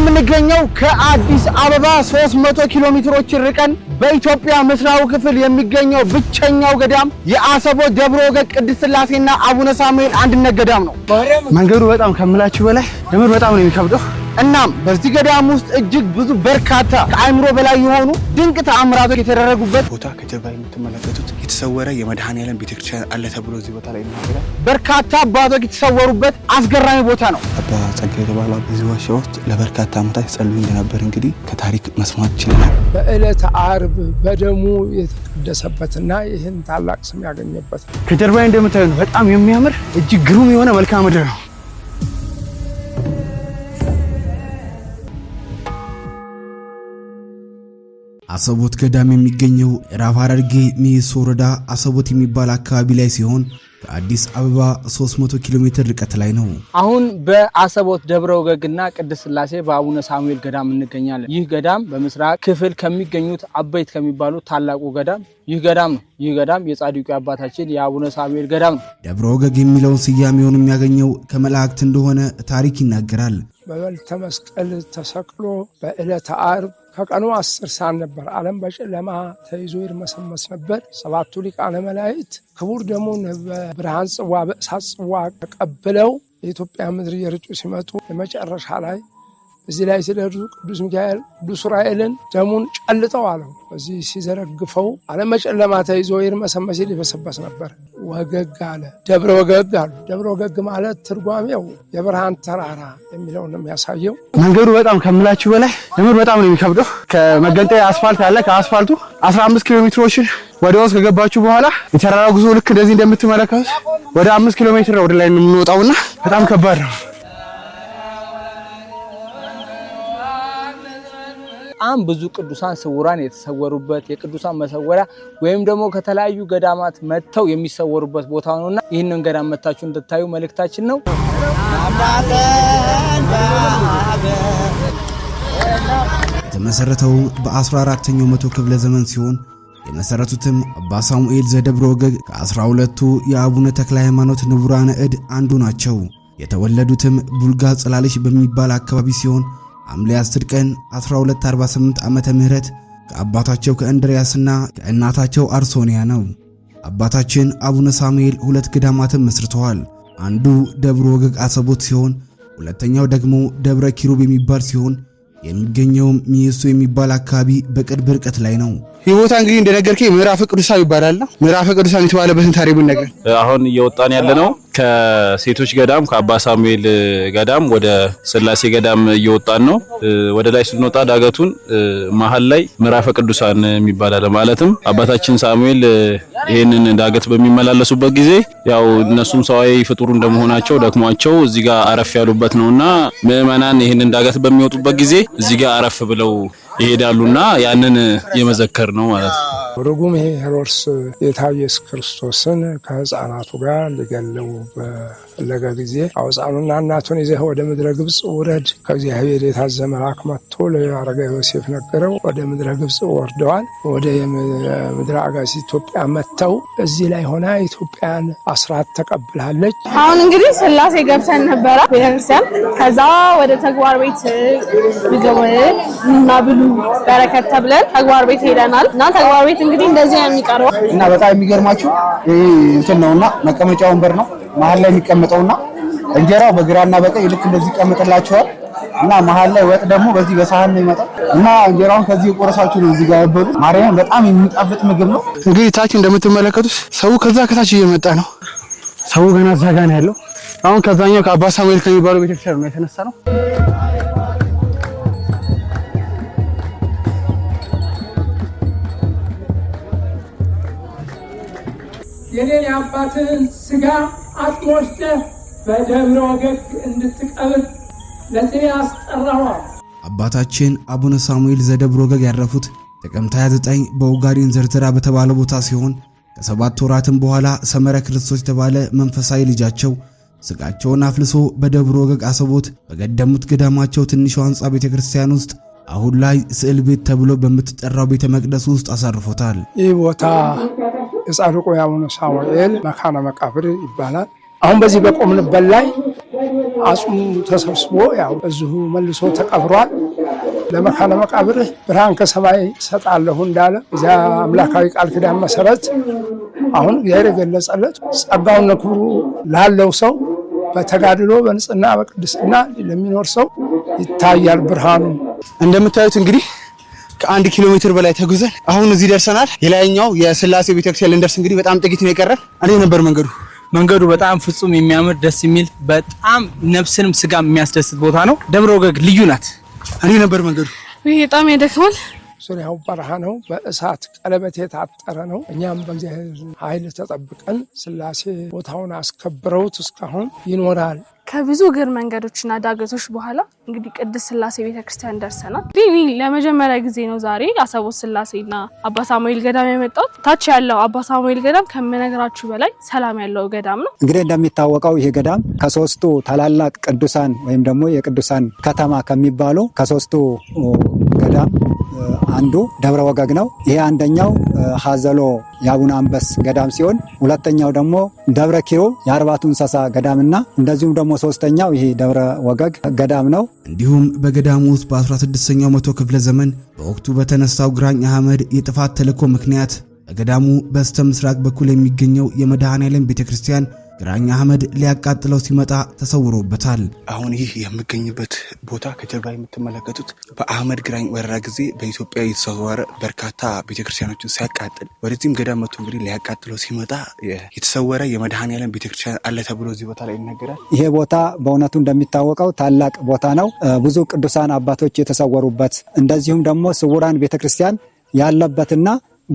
የምንገኘው ከአዲስ አበባ 300 ኪሎ ሜትሮች ርቀን በኢትዮጵያ ምስራቁ ክፍል የሚገኘው ብቸኛው ገዳም የአሰቦ ደብረ ወገግ ቅድስት ስላሴና አቡነ ሳሙኤል አንድነት ገዳም ነው። መንገዱ በጣም ከምላችሁ በላይ ደምር በጣም ነው የሚከብደው። እናም በዚህ ገዳም ውስጥ እጅግ ብዙ በርካታ ከአእምሮ በላይ የሆኑ ድንቅ ተአምራቶች የተደረጉበት ቦታ ከጀርባ የምትመለከቱት የተሰወረ የመድኃኔዓለም ቤተክርስቲያን አለ ተብሎ እዚህ ቦታ ላይ ይናገራል። በርካታ አባቶች የተሰወሩበት አስገራሚ ቦታ ነው። አባ ጸጋዬ የተባሉ በዚህ ዋሻ ውስጥ ለበርካታ ዓመታት ይጸልዩ እንደነበር እንግዲህ ከታሪክ መስማት ችለናል። በዕለተ አርብ በደሙ የተቀደሰበትና ይህን ታላቅ ስም ያገኘበት ከጀርባ እንደምታዩ በጣም የሚያምር እጅግ ግሩም የሆነ መልክዓ ምድር ነው። አሰቦት ገዳም የሚገኘው ምዕራብ ሐረርጌ ሚኤሶ ወረዳ አሰቦት የሚባል አካባቢ ላይ ሲሆን ከአዲስ አበባ 300 ኪሎ ሜትር ርቀት ላይ ነው። አሁን በአሰቦት ደብረ ወገግና ቅድስት ስላሴ በአቡነ ሳሙኤል ገዳም እንገኛለን። ይህ ገዳም በምስራቅ ክፍል ከሚገኙት አበይት ከሚባሉት ታላቁ ገዳም ይህ ገዳም ነው። ይህ ገዳም የጻድቁ አባታችን የአቡነ ሳሙኤል ገዳም ነው። ደብረ ወገግ የሚለውን ስያሜውን የሚያገኘው ከመላእክት እንደሆነ ታሪክ ይናገራል። በበልተ መስቀል ተሰቅሎ በዕለተ አርብ ከቀኑ አስር ሰዓት ነበር። ዓለም በጨለማ ተይዞ ይርመሰመስ ነበር። ሰባቱ ሊቃነ መላእክት ክቡር ደሙን በብርሃን ጽዋ፣ በእሳት ጽዋ ተቀብለው የኢትዮጵያ ምድር እየርጩ ሲመጡ የመጨረሻ ላይ እዚህ ላይ ሲደርሱ ቅዱስ ሚካኤል ቅዱስ ራኤልን ደሙን ጨልጠው አለው። በዚህ ሲዘረግፈው ዓለም በጨለማ ተይዞ ይርመሰመስ ሊበሰበስ ነበር። ወገግ አለ፣ ደብረ ወገግ አሉ። ደብረ ወገግ ማለት ትርጓሜው የብርሃን ተራራ የሚለው ነው የሚያሳየው። መንገዱ በጣም ከምላችሁ በላይ የምር በጣም ነው የሚከብደው። ከመገንጠያ አስፋልት አለ። ከአስፋልቱ 15 ኪሎ ሜትሮችን ወደ ውስጥ ከገባችሁ በኋላ የተራራ ጉዞ ልክ እንደዚህ እንደምትመለከቱት ወደ አምስት ኪሎ ሜትር ወደ ላይ ነው የምንወጣውና በጣም ከባድ ነው። በጣም ብዙ ቅዱሳን ስውራን የተሰወሩበት የቅዱሳን መሰወሪያ ወይም ደግሞ ከተለያዩ ገዳማት መጥተው የሚሰወሩበት ቦታ እና ይህንን ገዳም መታችሁ እንድታዩ መልእክታችን ነው። የተመሰረተው በ14ኛው መቶ ክፍለ ዘመን ሲሆን የመሰረቱትም አባ ሳሙኤል ዘደብረ ወገግ ከአስራ ሁለቱ የአቡነ ተክለ ሃይማኖት ንቡራነ እድ አንዱ ናቸው። የተወለዱትም ቡልጋ ጽላልሽ በሚባል አካባቢ ሲሆን ሐምሌ 10 ቀን 1248 ዓመተ ምህረት ከአባታቸው ከእንድሪያስና ከእናታቸው አርሶኒያ ነው። አባታችን አቡነ ሳሙኤል ሁለት ገዳማትን መስርተዋል። አንዱ ደብረ ወገግ አሰቦት ሲሆን ሁለተኛው ደግሞ ደብረ ኪሩብ የሚባል ሲሆን የሚገኘውም ሚየሶ የሚባል አካባቢ በቅርብ ርቀት ላይ ነው። ቦታ እንግዲህ እንደነገርከኝ ምዕራፍ ቅዱሳን ይባላል። ምዕራፍ ቅዱሳን የተባለበትን ታሪኩን ነገር አሁን እየወጣን ያለ ነው። ከሴቶች ገዳም ከአባ ሳሙኤል ገዳም ወደ ስላሴ ገዳም እየወጣን ነው። ወደ ላይ ስንወጣ ዳገቱን መሀል ላይ ምዕራፈ ቅዱሳን የሚባል አለ። ማለትም አባታችን ሳሙኤል ይህንን ዳገት በሚመላለሱበት ጊዜ ያው እነሱም ሰዋዊ ፍጡሩ እንደመሆናቸው ደክሟቸው እዚህ ጋር አረፍ ያሉበት ነውና ምዕመናን ይህንን ዳገት በሚወጡበት ጊዜ እዚህ ጋር አረፍ ብለው ይሄዳሉና ያንን የመዘከር ነው ማለት ነው። ርጉም ይሄ ሄሮድስ ጌታ ኢየሱስ ክርስቶስን ከህፃናቱ ጋር ሊገለው በፈለገ ጊዜ አውፃኑና እናቱን ይዘህ ወደ ምድረ ግብፅ ውረድ፣ ከእግዚአብሔር የታዘ መልአክ መጥቶ ለአረጋ ዮሴፍ ነገረው። ወደ ምድረ ግብፅ ወርደዋል። ወደ ምድረ አጋዚ ኢትዮጵያ መጥተው እዚህ ላይ ሆና ኢትዮጵያን አስራት ተቀብላለች። አሁን እንግዲህ ስላሴ ገብተን ነበረ ቤተክርስቲያን። ከዛ ወደ ተግባር ቤት ግብ እና ብሉ በረከት ተብለን ተግባር ቤት ሄደናል እና ተግባር ቤት እንግዲህ እንደዚህ የሚቀርበው እና በጣም የሚገርማችሁ ይህ እንትን ነውና መቀመጫ ወንበር ነው መሀል ላይ የሚቀመጠውና እንጀራው በግራና በቀኝ ልክ እንደዚህ ይቀመጥላቸዋል እና መሀል ላይ ወጥ ደግሞ በዚህ በሳህን ነው ይመጣል እና እንጀራውን ከዚህ የቆረሳችሁ ነው እዚህ ጋር ያበሉ ማርያም በጣም የሚጣፍጥ ምግብ ነው። እንግዲህ ታች እንደምትመለከቱት ሰው ከዛ ከታች እየመጣ ነው። ሰው ገና እዛ ጋ ነው ያለው። አሁን ከዛኛው ከአባ ሳሙኤል ከሚባለው ቤተክርስቲያን ነው የተነሳ ነው። የኔን የአባትህን ስጋ አጥሞወስደህ በደብረ ወገግ እንድትቀብር ለትኔ አስጠራኋል። አባታችን አቡነ ሳሙኤል ዘደብረ ወገግ ያረፉት ጥቅምት 29 በኦጋዴን ዘርዘራ በተባለ ቦታ ሲሆን ከሰባት ወራትም በኋላ ሰመረ ክርስቶስ የተባለ መንፈሳዊ ልጃቸው ስጋቸውን አፍልሶ በደብረ ወገግ አሰቦት በገደሙት ገዳማቸው ትንሿ ሕንፃ ቤተ ክርስቲያን ውስጥ አሁን ላይ ስዕል ቤት ተብሎ በምትጠራው ቤተ መቅደስ ውስጥ አሳርፎታል። ይህ ቦታ የጻድቁ የአቡነ ሳሙኤል መካነ መቃብር ይባላል። አሁን በዚህ በቆምንበት ላይ አጽሙ ተሰብስቦ ያው እዚሁ መልሶ ተቀብሯል። ለመካነ መቃብር ብርሃን ከሰማይ ሰጣለሁ እንዳለ እዚያ አምላካዊ ቃል ኪዳን መሰረት አሁን እግዚአብሔር የገለጸለት ጸጋውና ክብሩ ላለው ሰው በተጋድሎ በንጽህና በቅድስና ለሚኖር ሰው ይታያል ብርሃኑ። እንደምታዩት እንግዲህ ከአንድ ኪሎ ሜትር በላይ ተጉዘን አሁን እዚህ ደርሰናል። የላይኛው የስላሴ ቤተክርስቲያን ልንደርስ እንግዲህ በጣም ጥቂት ነው የቀረ። እንዴት ነበር መንገዱ? መንገዱ በጣም ፍጹም የሚያምር ደስ የሚል በጣም ነፍስንም ስጋ የሚያስደስት ቦታ ነው። ደብረ ወገግ ልዩ ናት። እንዴት ነበር መንገዱ? ይህ በጣም ያደክማል። ዙሪያው በረሃ ነው። በእሳት ቀለበት የታጠረ ነው። እኛም በእግዚአብሔር ኃይል ተጠብቀን ስላሴ ቦታውን አስከብረውት እስካሁን ይኖራል። ከብዙ እግር መንገዶችና ዳገቶች በኋላ እንግዲህ ቅድስት ስላሴ ቤተክርስቲያን ደርሰናል። እንግዲህ ለመጀመሪያ ጊዜ ነው ዛሬ አሰቦት ስላሴና አባ ሳሙኤል ገዳም የመጣሁት። ታች ያለው አባ ሳሙኤል ገዳም ከምነግራችሁ በላይ ሰላም ያለው ገዳም ነው። እንግዲህ እንደሚታወቀው ይህ ገዳም ከሶስቱ ታላላቅ ቅዱሳን ወይም ደግሞ የቅዱሳን ከተማ ከሚባሉ ከሶስቱ ገዳም አንዱ ደብረ ወገግ ነው። ይሄ አንደኛው ሀዘሎ የአቡነ አንበስ ገዳም ሲሆን ሁለተኛው ደግሞ ደብረ ኪሩብ የአርባቱ ገዳም ገዳምና እንደዚሁም ደግሞ ሶስተኛው ይሄ ደብረ ወገግ ገዳም ነው። እንዲሁም በገዳሙ ውስጥ በ16ኛው መቶ ክፍለ ዘመን በወቅቱ በተነሳው ግራኝ አህመድ የጥፋት ተልዕኮ ምክንያት በገዳሙ በስተ ምስራቅ በኩል የሚገኘው የመድኃኔ ዓለም ቤተ ክርስቲያን ግራኝ አህመድ ሊያቃጥለው ሲመጣ ተሰውሮበታል። አሁን ይህ የምገኝበት ቦታ ከጀርባ የምትመለከቱት በአህመድ ግራኝ ወረራ ጊዜ በኢትዮጵያ የተሰወረ በርካታ ቤተክርስቲያኖችን ሲያቃጥል ወደዚህም ገዳም መቶ እንግዲህ ሊያቃጥለው ሲመጣ የተሰወረ የመድሃን ዓለም ቤተክርስቲያን አለ ተብሎ እዚህ ቦታ ላይ ይነገራል። ይሄ ቦታ በእውነቱ እንደሚታወቀው ታላቅ ቦታ ነው። ብዙ ቅዱሳን አባቶች የተሰወሩበት እንደዚሁም ደግሞ ስውራን ቤተክርስቲያን ያለበትና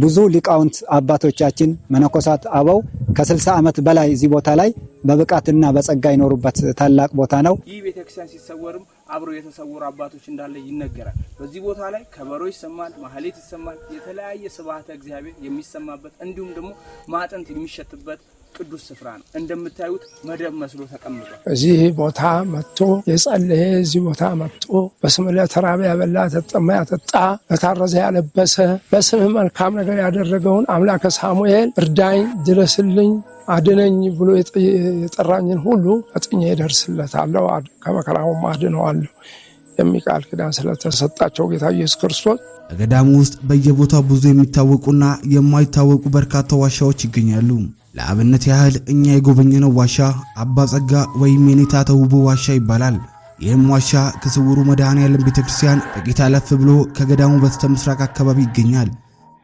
ብዙ ሊቃውንት አባቶቻችን መነኮሳት አበው ከ60 ዓመት በላይ እዚህ ቦታ ላይ በብቃትና በጸጋ ይኖሩበት ታላቅ ቦታ ነው። ይህ ቤተክርስቲያን ሲሰወርም አብሮ የተሰወሩ አባቶች እንዳለ ይነገራል። በዚህ ቦታ ላይ ከበሮ ይሰማል፣ ማህሌት ይሰማል፣ የተለያየ ስብሐተ እግዚአብሔር የሚሰማበት እንዲሁም ደግሞ ማጠንት የሚሸትበት ቅዱስ ስፍራ ነው። እንደምታዩት መደብ መስሎ ተቀምጧል። እዚህ ቦታ መጥቶ የጸለየ እዚህ ቦታ መጥቶ በስም ለተራበ ያበላ ተጠማ ያጠጣ ለታረዘ ያለበሰ በስምህ መልካም ነገር ያደረገውን አምላከ ሳሙኤል እርዳኝ፣ ድረስልኝ፣ አድነኝ ብሎ የጠራኝን ሁሉ አጥኜ እደርስለታለሁ፣ ከመከራውም አድነዋለሁ የሚል ቃል ኪዳን ስለተሰጣቸው ጌታ ኢየሱስ ክርስቶስ በገዳሙ ውስጥ በየቦታው ብዙ የሚታወቁና የማይታወቁ በርካታ ዋሻዎች ይገኛሉ። ለአብነት ያህል እኛ የጎበኘነው ዋሻ አባ ጸጋ ወይም የኔታ ተውቦ ዋሻ ይባላል። ይህም ዋሻ ከስውሩ መድኃኔ ዓለም ቤተ ክርስቲያን ጥቂት አለፍ ብሎ ከገዳሙ በስተ ምስራቅ አካባቢ ይገኛል።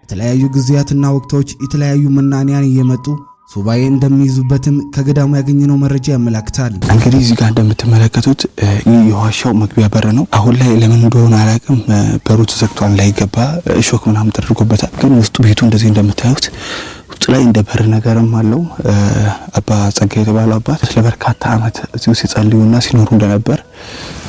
በተለያዩ ጊዜያትና ወቅቶች የተለያዩ መናንያን እየመጡ ሱባኤ እንደሚይዙበትም ከገዳሙ ያገኘነው መረጃ ያመላክታል። እንግዲህ እዚህ ጋር እንደምትመለከቱት ይህ የዋሻው መግቢያ በር ነው። አሁን ላይ ለምን እንደሆነ አላውቅም፣ በሩ ተዘግቷል፣ ላይገባ እሾክ ምናምን ተደርጎበታል። ግን ውስጡ ቤቱ እንደዚህ እንደምታዩት ውስጥ ላይ እንደ በር ነገርም አለው። አባ ጸጋ የተባለው አባት ለበርካታ አመት እዚሁ ሲጸልዩና ሲኖሩ እንደነበር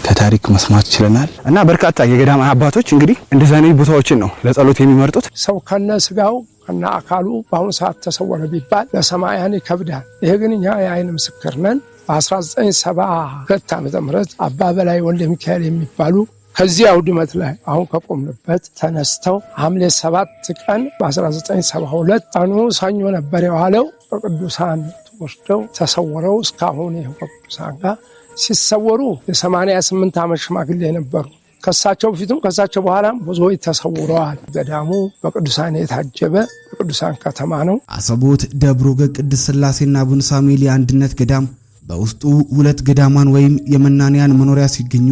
ከታሪክ መስማት ችለናል። እና በርካታ የገዳማ አባቶች እንግዲህ እንደዚህ አይነት ቦታዎችን ነው ለጸሎት የሚመርጡት። ሰው ከነ ስጋው ከነ አካሉ በአሁኑ ሰዓት ተሰወረ ቢባል ለሰማያን ይከብዳል። ይሄ ግን እኛ የአይን ምስክር ነን። በ1972 ዓ ም አባ በላይ ወልደ ሚካኤል የሚባሉ ከዚህ አውድመት ላይ አሁን ከቆምንበት ተነስተው ሐምሌ ሰባት ቀን በ1972 ቀኑ ሰኞ ነበር የዋለው በቅዱሳን ወስደው ተሰውረው እስካሁን ይኸው ከቅዱሳን ጋር ሲሰወሩ የ88 ዓመት ሽማግሌ ነበሩ። ከሳቸው በፊትም ከሳቸው በኋላም ብዙዎች ተሰውረዋል። ገዳሙ በቅዱሳን የታጀበ ቅዱሳን ከተማ ነው። አሰቦት ደብሮ ገነት ቅድስት ስላሴና አቡነ ሳሙኤል የአንድነት ገዳም በውስጡ ሁለት ገዳማን ወይም የመናንያን መኖሪያ ሲገኙ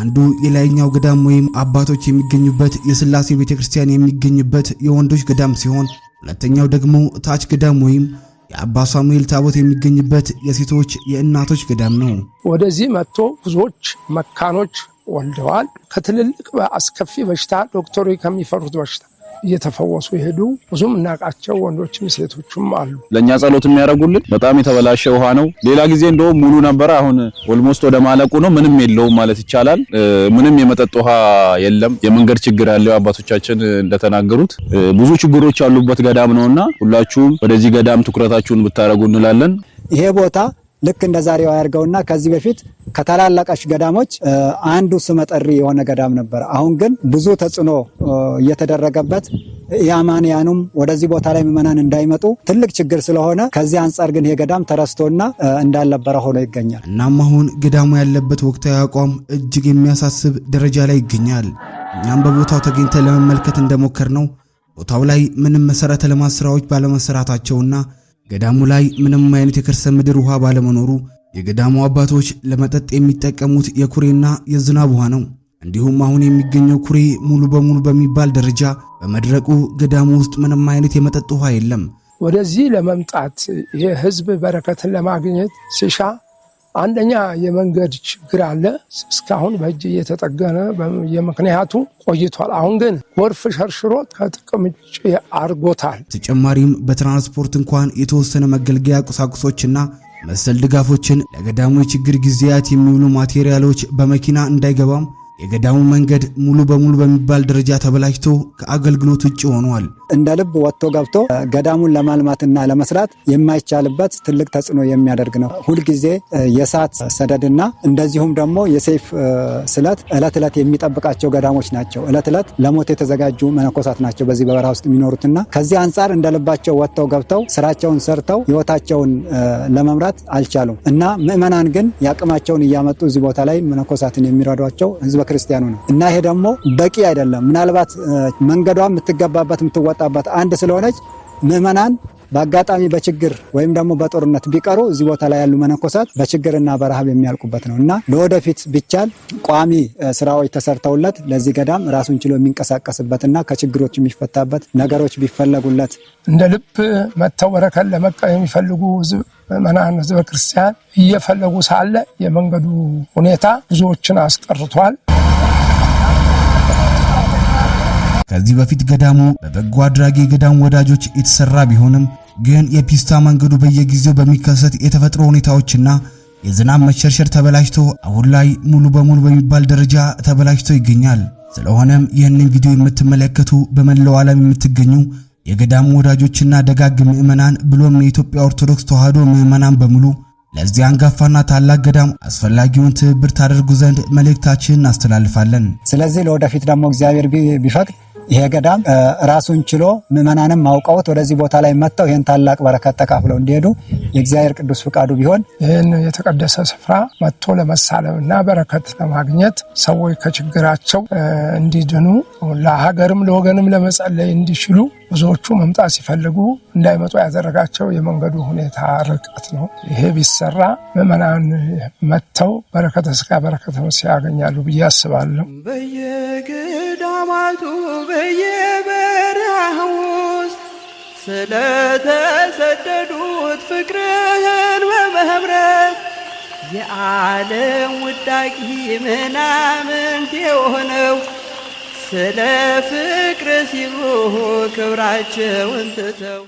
አንዱ የላይኛው ገዳም ወይም አባቶች የሚገኙበት የስላሴ ቤተክርስቲያን የሚገኝበት የወንዶች ገዳም ሲሆን ሁለተኛው ደግሞ ታች ገዳም ወይም የአባ ሳሙኤል ታቦት የሚገኝበት የሴቶች የእናቶች ገዳም ነው። ወደዚህ መጥቶ ብዙዎች መካኖች ወልደዋል። ከትልልቅ አስከፊ በሽታ ዶክተሩ ከሚፈሩት በሽታ እየተፈወሱ ይሄዱ ብዙም እናቃቸው ወንዶችም ሴቶችም አሉ። ለእኛ ጸሎት የሚያደርጉልን በጣም የተበላሸ ውሃ ነው። ሌላ ጊዜ እንደውም ሙሉ ነበረ። አሁን ኦልሞስት ወደ ማለቁ ነው። ምንም የለውም ማለት ይቻላል። ምንም የመጠጥ ውሃ የለም። የመንገድ ችግር ያለው አባቶቻችን እንደተናገሩት ብዙ ችግሮች ያሉበት ገዳም ነው እና ሁላችሁም ወደዚህ ገዳም ትኩረታችሁን ብታደርጉ እንላለን። ይሄ ቦታ ልክ እንደ ዛሬው አያርገውና ከዚህ በፊት ከታላላቀሽ ገዳሞች አንዱ ስመጠሪ የሆነ ገዳም ነበር። አሁን ግን ብዙ ተጽዕኖ እየተደረገበት የአማንያኑም ወደዚህ ቦታ ላይ ምዕመናን እንዳይመጡ ትልቅ ችግር ስለሆነ ከዚህ አንጻር ግን ይሄ ገዳም ተረስቶና እንዳልነበረ ሆኖ ይገኛል። እናም አሁን ገዳሙ ያለበት ወቅታዊ አቋም እጅግ የሚያሳስብ ደረጃ ላይ ይገኛል። እኛም በቦታው ተገኝተ ለመመልከት እንደሞከር ነው ቦታው ላይ ምንም መሰረተ ልማት ስራዎች ባለመሰራታቸውና ገዳሙ ላይ ምንም አይነት የከርሰ ምድር ውሃ ባለመኖሩ የገዳሙ አባቶች ለመጠጥ የሚጠቀሙት የኩሬና የዝናብ ውሃ ነው። እንዲሁም አሁን የሚገኘው ኩሬ ሙሉ በሙሉ በሚባል ደረጃ በመድረቁ ገዳሙ ውስጥ ምንም አይነት የመጠጥ ውሃ የለም። ወደዚህ ለመምጣት የህዝብ በረከትን ለማግኘት ሲሻ አንደኛ የመንገድ ችግር አለ። እስካሁን በእጅ እየተጠገነ የምክንያቱ ቆይቷል። አሁን ግን ጎርፍ ሸርሽሮት ከጥቅም ውጭ አድርጎታል። ተጨማሪም በትራንስፖርት እንኳን የተወሰነ መገልገያ ቁሳቁሶችና መሰል ድጋፎችን ለገዳሙ የችግር ጊዜያት የሚውሉ ማቴሪያሎች በመኪና እንዳይገባም የገዳሙ መንገድ ሙሉ በሙሉ በሚባል ደረጃ ተበላሽቶ ከአገልግሎት ውጭ ሆኗል። እንደ ልብ ወጥቶ ገብቶ ገዳሙን ለማልማትና ለመስራት የማይቻልበት ትልቅ ተጽዕኖ የሚያደርግ ነው። ሁልጊዜ የእሳት ሰደድና እንደዚሁም ደግሞ የሰይፍ ስለት እለት እለት የሚጠብቃቸው ገዳሞች ናቸው። እለት እለት ለሞት የተዘጋጁ መነኮሳት ናቸው በዚህ በበረሃ ውስጥ የሚኖሩትና ከዚህ አንጻር እንደ ልባቸው ወጥተው ገብተው ስራቸውን ሰርተው ህይወታቸውን ለመምራት አልቻሉም እና ምእመናን ግን የአቅማቸውን እያመጡ እዚህ ቦታ ላይ መነኮሳትን የሚረዷቸው ህዝበ ክርስቲያኑ ነው እና ይሄ ደግሞ በቂ አይደለም። ምናልባት መንገዷ የምትገባበት የምትወ የመጣባት አንድ ስለሆነች ምዕመናን በአጋጣሚ በችግር ወይም ደግሞ በጦርነት ቢቀሩ እዚህ ቦታ ላይ ያሉ መነኮሳት በችግርና በረሃብ የሚያልቁበት ነው እና ለወደፊት ቢቻል ቋሚ ስራዎች ተሰርተውለት ለዚህ ገዳም ራሱን ችሎ የሚንቀሳቀስበትና ከችግሮች የሚፈታበት ነገሮች ቢፈለጉለት እንደ ልብ መጥተው በረከት ለመቀበል የሚፈልጉ ምዕመናን ህዝበ ክርስቲያን እየፈለጉ ሳለ የመንገዱ ሁኔታ ብዙዎችን አስቀርቷል። ከዚህ በፊት ገዳሙ በበጎ አድራጊ የገዳሙ ወዳጆች የተሰራ ቢሆንም ግን የፒስታ መንገዱ በየጊዜው በሚከሰት የተፈጥሮ ሁኔታዎችና የዝናብ መሸርሸር ተበላሽቶ አሁን ላይ ሙሉ በሙሉ በሚባል ደረጃ ተበላሽቶ ይገኛል። ስለሆነም ይህንን ቪዲዮ የምትመለከቱ በመላው ዓለም የምትገኙ የገዳሙ ወዳጆችና ደጋግ ምዕመናን ብሎም የኢትዮጵያ ኦርቶዶክስ ተዋሕዶ ምዕመናን በሙሉ ለዚህ አንጋፋና ታላቅ ገዳም አስፈላጊውን ትብብር ታደርጉ ዘንድ መልእክታችንን እናስተላልፋለን። ስለዚህ ለወደፊት ደግሞ እግዚአብሔር ቢፈቅድ ይሄ ገዳም ራሱን ችሎ ምዕመናንም አውቀውት ወደዚህ ቦታ ላይ መጥተው ይህን ታላቅ በረከት ተካፍለው እንዲሄዱ የእግዚአብሔር ቅዱስ ፍቃዱ ቢሆን ይህን የተቀደሰ ስፍራ መጥቶ ለመሳለም እና በረከት ለማግኘት ሰዎች ከችግራቸው እንዲድኑ ለሀገርም ለወገንም ለመጸለይ እንዲችሉ ብዙዎቹ መምጣት ሲፈልጉ እንዳይመጡ ያደረጋቸው የመንገዱ ሁኔታ ርቀት ነው። ይሄ ቢሰራ ምዕመናን መጥተው በረከተ ስጋ በረከተ ነፍስ ያገኛሉ ብዬ አስባለሁ። ቁማቱ በየበረሃ ውስጥ ስለተሰደዱት ፍቅርህን በመህብረት የዓለም ውዳቂ ምናምንት የሆነው ስለ ፍቅር ሲሉ ክብራቸውን ትተው